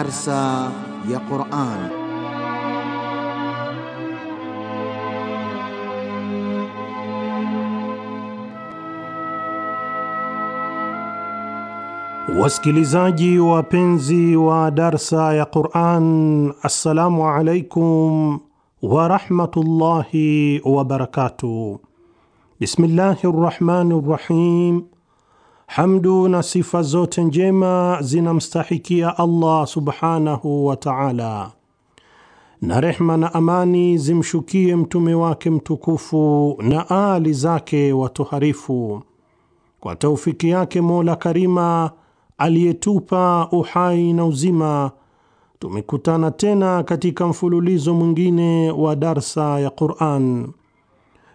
درس يا قرآن Wasikilizaji wapenzi wa darsa ya Qur'an, assalamu alaikum wa rahmatullahi wa barakatuh. Bismillahir rahmanir rahim Hamdu na sifa zote njema zinamstahikia Allah subhanahu wa ta'ala, na rehma na amani zimshukie mtume wake mtukufu na aali zake watoharifu. Kwa taufiki yake Mola Karima aliyetupa uhai na uzima, tumekutana tena katika mfululizo mwingine wa darsa ya Qur'an.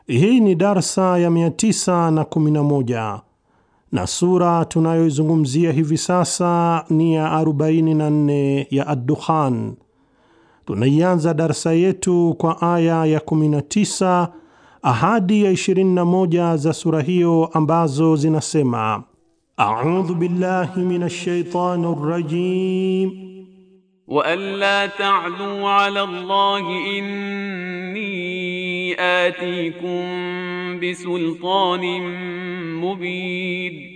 Hii ni darsa ya 911 na sura tunayoizungumzia hivi sasa ni ya 44 ya Ad-Dukhan. Tunaianza darsa yetu kwa aya ya 19 ahadi ya 21 za sura hiyo ambazo zinasema: a'udhu billahi minash shaitani rajim وألا تعلوا على الله إني آتيكم بسلطان مبين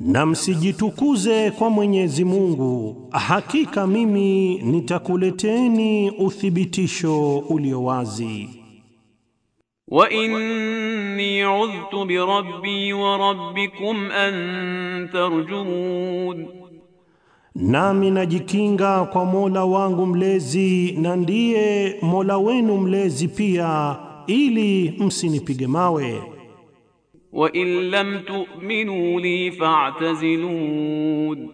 na msijitukuze kwa Mwenyezi Mungu, hakika mimi nitakuleteni uthibitisho ulio wazi. wa inni udhtu bi rabbi wa rabbikum an tarjumun Nami najikinga kwa Mola wangu mlezi na ndiye Mola wenu mlezi pia, ili msinipige mawe. Wa in lam tu'minu li fa'tazilun,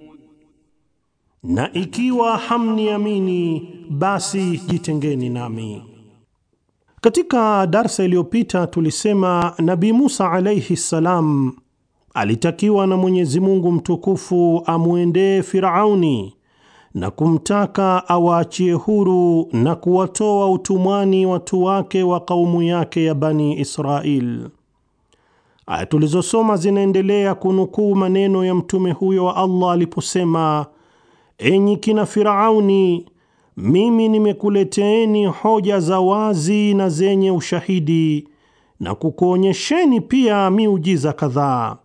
na ikiwa hamniamini basi jitengeni nami. Katika darsa iliyopita tulisema Nabii Musa alayhi salam alitakiwa na Mwenyezi Mungu mtukufu amwendee Firauni na kumtaka awaachie huru na kuwatoa utumwani watu wake wa kaumu yake ya Bani Israil. Aya tulizosoma zinaendelea kunukuu maneno ya mtume huyo wa Allah aliposema, enyi kina Firauni, mimi nimekuleteeni hoja za wazi na zenye ushahidi na kukuonyesheni pia miujiza kadhaa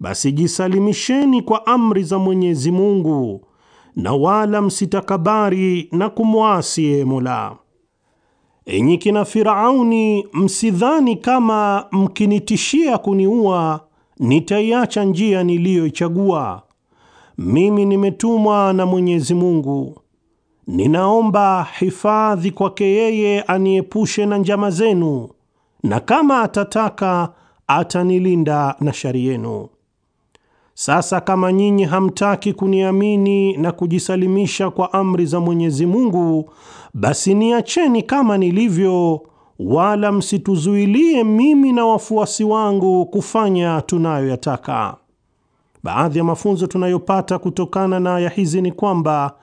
basi jisalimisheni kwa amri za Mwenyezi Mungu na wala msitakabari na kumwasi Mola. Enyi kina Firauni, msidhani kama mkinitishia kuniua nitaiacha njia niliyoichagua mimi. Nimetumwa na Mwenyezi Mungu, ninaomba hifadhi kwake yeye aniepushe na njama zenu, na kama atataka atanilinda na shari yenu. Sasa kama nyinyi hamtaki kuniamini na kujisalimisha kwa amri za Mwenyezi Mungu, basi niacheni kama nilivyo, wala msituzuilie mimi na wafuasi wangu kufanya tunayoyataka. Baadhi ya mafunzo tunayopata kutokana na aya hizi ni kwamba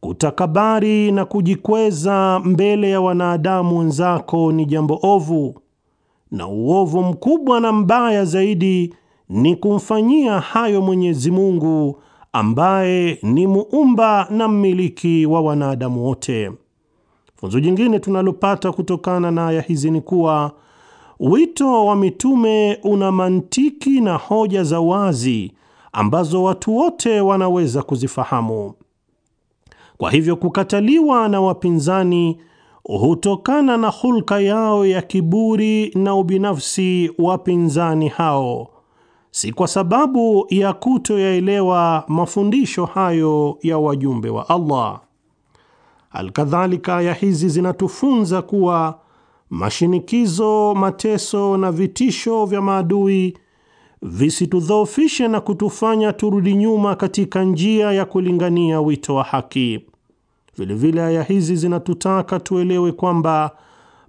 kutakabari na kujikweza mbele ya wanadamu wenzako ni jambo ovu, na uovu mkubwa na mbaya zaidi ni kumfanyia hayo Mwenyezi Mungu ambaye ni muumba na mmiliki wa wanadamu wote. Funzo jingine tunalopata kutokana na aya hizi ni kuwa wito wa mitume una mantiki na hoja za wazi ambazo watu wote wanaweza kuzifahamu. Kwa hivyo kukataliwa na wapinzani hutokana na hulka yao ya kiburi na ubinafsi wapinzani hao, si kwa sababu ya kutoyaelewa mafundisho hayo ya wajumbe wa Allah. Alkadhalika, aya hizi zinatufunza kuwa mashinikizo, mateso na vitisho vya maadui visitudhoofishe na kutufanya turudi nyuma katika njia ya kulingania wito wa haki. Vilevile aya hizi zinatutaka tuelewe kwamba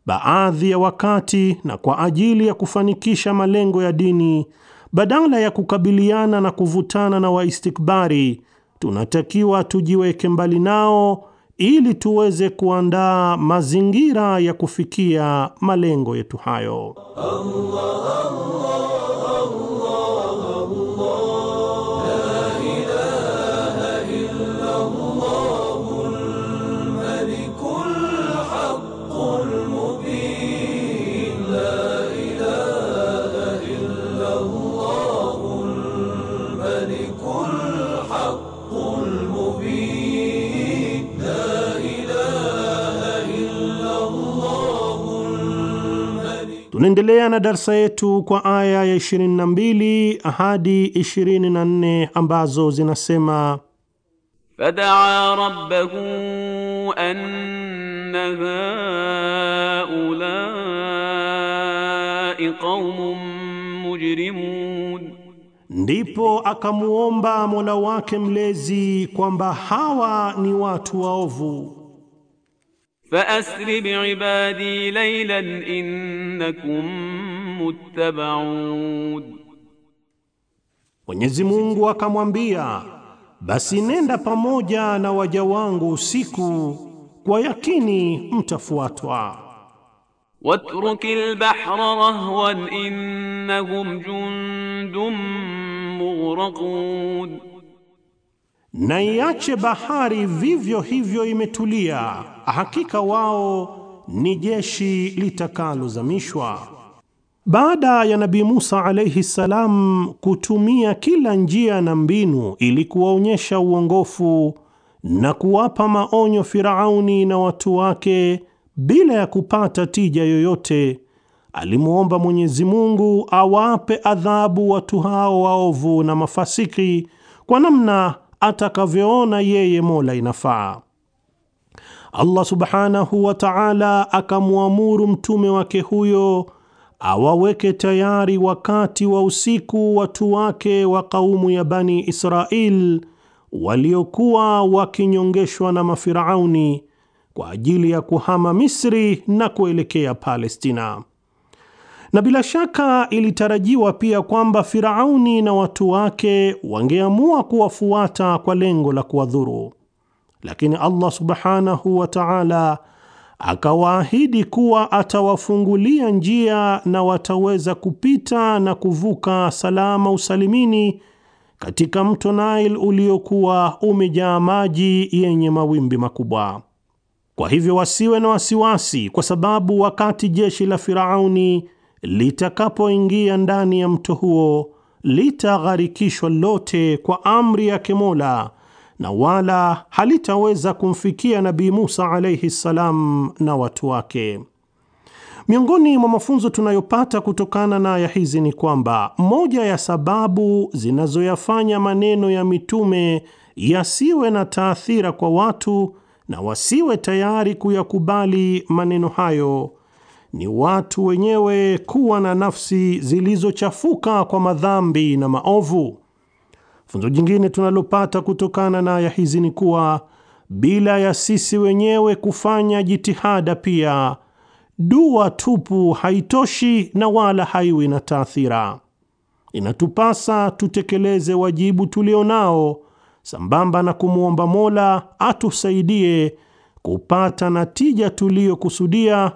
baadhi ya wakati na kwa ajili ya kufanikisha malengo ya dini badala ya kukabiliana na kuvutana na waistikbari, tunatakiwa tujiweke mbali nao ili tuweze kuandaa mazingira ya kufikia malengo yetu hayo. Allah, Allah. Tunaendelea na darsa yetu kwa aya ya 22 hadi 24 ambazo zinasema: fadaa rabbahu anna haulai qaumun mujrimun, ndipo akamuomba Mola wake mlezi kwamba hawa ni watu waovu faasri biibadi laylan innakum muttabaun, Mwenyezi Mungu akamwambia, basi nenda pamoja na waja wangu usiku, kwa yakini mtafuatwa. Watruki lbahra rahwan innahum jundum mughraqun na iache bahari vivyo hivyo imetulia, hakika wao ni jeshi litakalozamishwa. Baada ya nabi Musa alayhi salam kutumia kila njia na mbinu ili kuwaonyesha uongofu na kuwapa maonyo Firauni na watu wake bila ya kupata tija yoyote, alimwomba Mwenyezi Mungu awape adhabu watu hao waovu na mafasiki kwa namna atakavyoona yeye Mola inafaa. Allah subhanahu wa ta'ala akamwamuru mtume wake huyo awaweke tayari wakati wa usiku watu wake wa kaumu ya Bani Israil waliokuwa wakinyongeshwa na mafirauni kwa ajili ya kuhama Misri na kuelekea Palestina na bila shaka ilitarajiwa pia kwamba Firauni na watu wake wangeamua kuwafuata kwa lengo la kuwadhuru, lakini Allah subhanahu wa ta'ala akawaahidi kuwa atawafungulia njia na wataweza kupita na kuvuka salama usalimini katika mto Nile uliokuwa umejaa maji yenye mawimbi makubwa. Kwa hivyo wasiwe na wasiwasi, kwa sababu wakati jeshi la Firauni litakapoingia ndani ya mto huo litagharikishwa lote kwa amri yake Mola, na wala halitaweza kumfikia Nabii Musa alaihi ssalam na watu wake. Miongoni mwa mafunzo tunayopata kutokana na aya hizi ni kwamba moja ya sababu zinazoyafanya maneno ya mitume yasiwe na taathira kwa watu na wasiwe tayari kuyakubali maneno hayo ni watu wenyewe kuwa na nafsi zilizochafuka kwa madhambi na maovu. Funzo jingine tunalopata kutokana na aya hizi ni kuwa bila ya sisi wenyewe kufanya jitihada, pia dua tupu haitoshi na wala haiwi na taathira. Inatupasa tutekeleze wajibu tulio nao sambamba na kumwomba Mola atusaidie kupata natija tuliyokusudia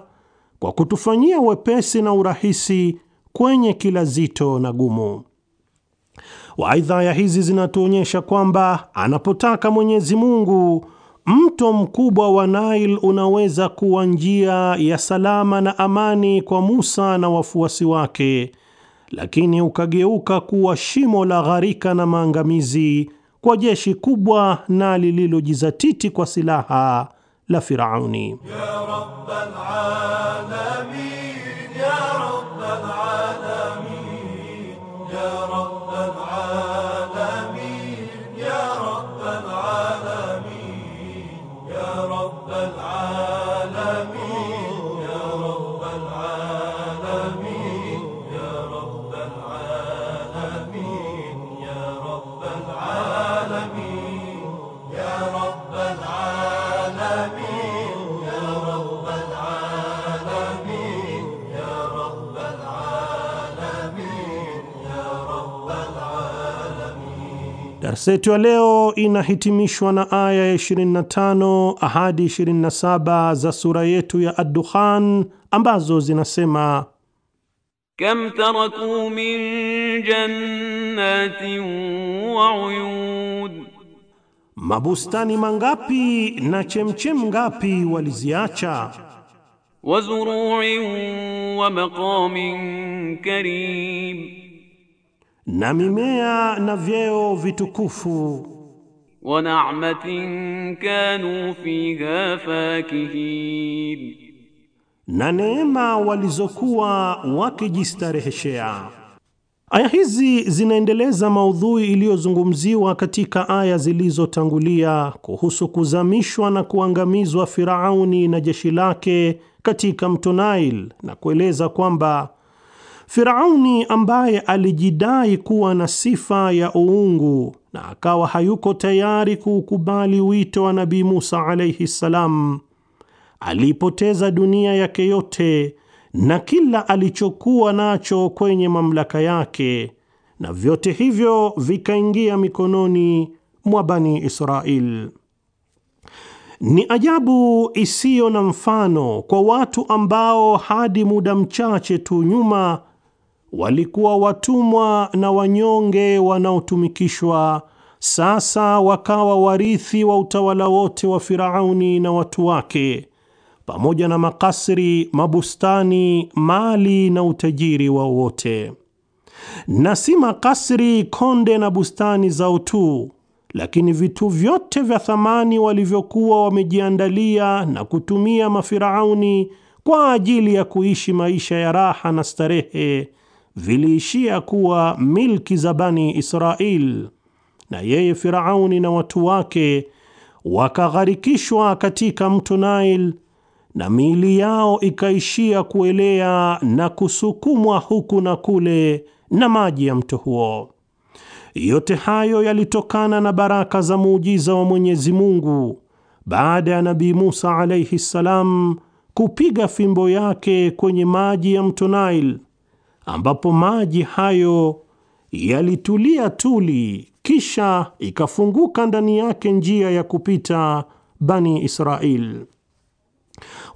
kwa kutufanyia wepesi na urahisi kwenye kila zito na gumu. Waidha, ya hizi zinatuonyesha kwamba anapotaka Mwenyezi Mungu, mto mkubwa wa Nile unaweza kuwa njia ya salama na amani kwa Musa na wafuasi wake, lakini ukageuka kuwa shimo la gharika na maangamizi kwa jeshi kubwa na lililojizatiti kwa silaha la Firauni. Darsa yetu ya leo inahitimishwa na aya ya 25 hadi 27 za sura yetu ya Ad-Dukhan ambazo zinasema: Kam taraku min jannatin wa uyun, mabustani mangapi na chemchem ngapi waliziacha. Wa zuru'in wa maqamin karim na mimea na vyeo vitukufu. wa na'matin kanu fiha fakihin, na neema walizokuwa wakijistareheshea. Aya hizi zinaendeleza maudhui iliyozungumziwa katika aya zilizotangulia kuhusu kuzamishwa na kuangamizwa Firauni na jeshi lake katika mto Nile na kueleza kwamba Firauni ambaye alijidai kuwa na sifa ya uungu na akawa hayuko tayari kuukubali wito wa Nabii Musa alaihi ssalam, aliipoteza dunia yake yote na kila alichokuwa nacho kwenye mamlaka yake, na vyote hivyo vikaingia mikononi mwa Bani Israel. Ni ajabu isiyo na mfano kwa watu ambao hadi muda mchache tu nyuma walikuwa watumwa na wanyonge wanaotumikishwa, sasa wakawa warithi wa utawala wote wa Firauni na watu wake, pamoja na makasri, mabustani, mali na utajiri wao wote. Na si makasri, konde na bustani zao tu, lakini vitu vyote vya thamani walivyokuwa wamejiandalia na kutumia mafirauni kwa ajili ya kuishi maisha ya raha na starehe viliishia kuwa milki za Bani israel na yeye Firauni na watu wake wakagharikishwa katika mto Nile na miili yao ikaishia kuelea na kusukumwa huku na kule na maji ya mto huo. Yote hayo yalitokana na baraka za muujiza wa Mwenyezi Mungu baada ya Nabii Musa alaihi ssalam kupiga fimbo yake kwenye maji ya mto Nile ambapo maji hayo yalitulia tuli, kisha ikafunguka ndani yake njia ya kupita Bani israel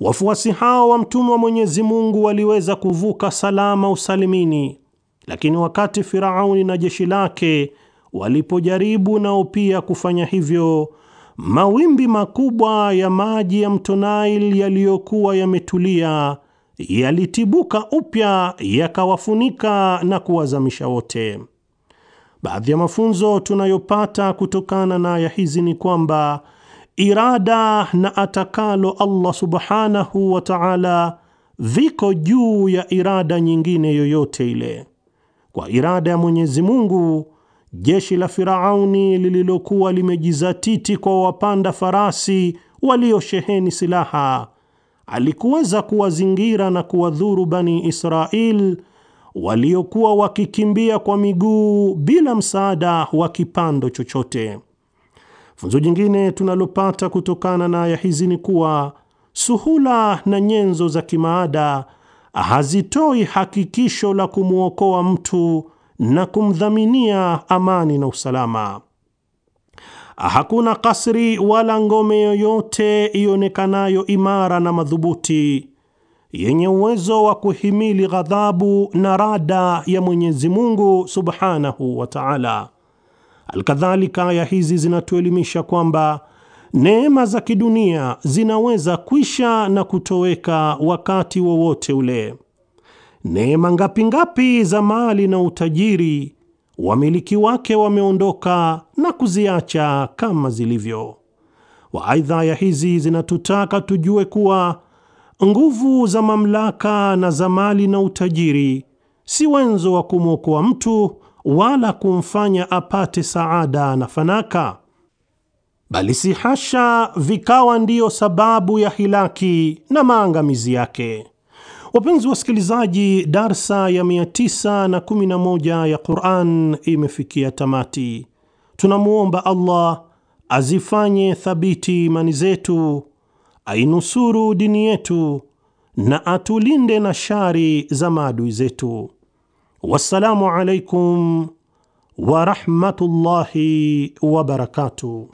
Wafuasi hao wa mtume wa Mwenyezi Mungu waliweza kuvuka salama usalimini, lakini wakati Firauni na jeshi lake walipojaribu nao pia kufanya hivyo, mawimbi makubwa ya maji ya mto Nile yaliyokuwa yametulia yalitibuka upya yakawafunika na kuwazamisha wote. Baadhi ya mafunzo tunayopata kutokana na aya hizi ni kwamba irada na atakalo Allah subhanahu wa ta'ala viko juu ya irada nyingine yoyote ile. Kwa irada ya Mwenyezi Mungu, jeshi la Firauni lililokuwa limejizatiti kwa wapanda farasi waliosheheni silaha alikuweza kuwazingira na kuwadhuru Bani israel waliokuwa wakikimbia kwa miguu bila msaada wa kipando chochote. Funzo jingine tunalopata kutokana na aya hizi ni kuwa suhula na nyenzo za kimaada hazitoi hakikisho la kumwokoa mtu na kumdhaminia amani na usalama hakuna kasri wala ngome yoyote ionekanayo imara na madhubuti yenye uwezo wa kuhimili ghadhabu na rada ya Mwenyezi Mungu Subhanahu wa Ta'ala. Alkadhalika, aya hizi zinatuelimisha kwamba neema za kidunia zinaweza kwisha na kutoweka wakati wowote ule. Neema ngapi ngapi za mali na utajiri wamiliki wake wameondoka na kuziacha kama zilivyo. waaidha ya hizi zinatutaka tujue kuwa nguvu za mamlaka na za mali na utajiri si wenzo wa kumwokoa mtu wala kumfanya apate saada na fanaka, bali si hasha, vikawa ndiyo sababu ya hilaki na maangamizi yake. Wapenzi wasikilizaji, darsa ya 911 ya Quran imefikia tamati. Tunamwomba Allah azifanye thabiti imani zetu, ainusuru dini yetu na atulinde na shari za maadui zetu. Wassalamu alaikum wa rahmatullahi wa barakatuh.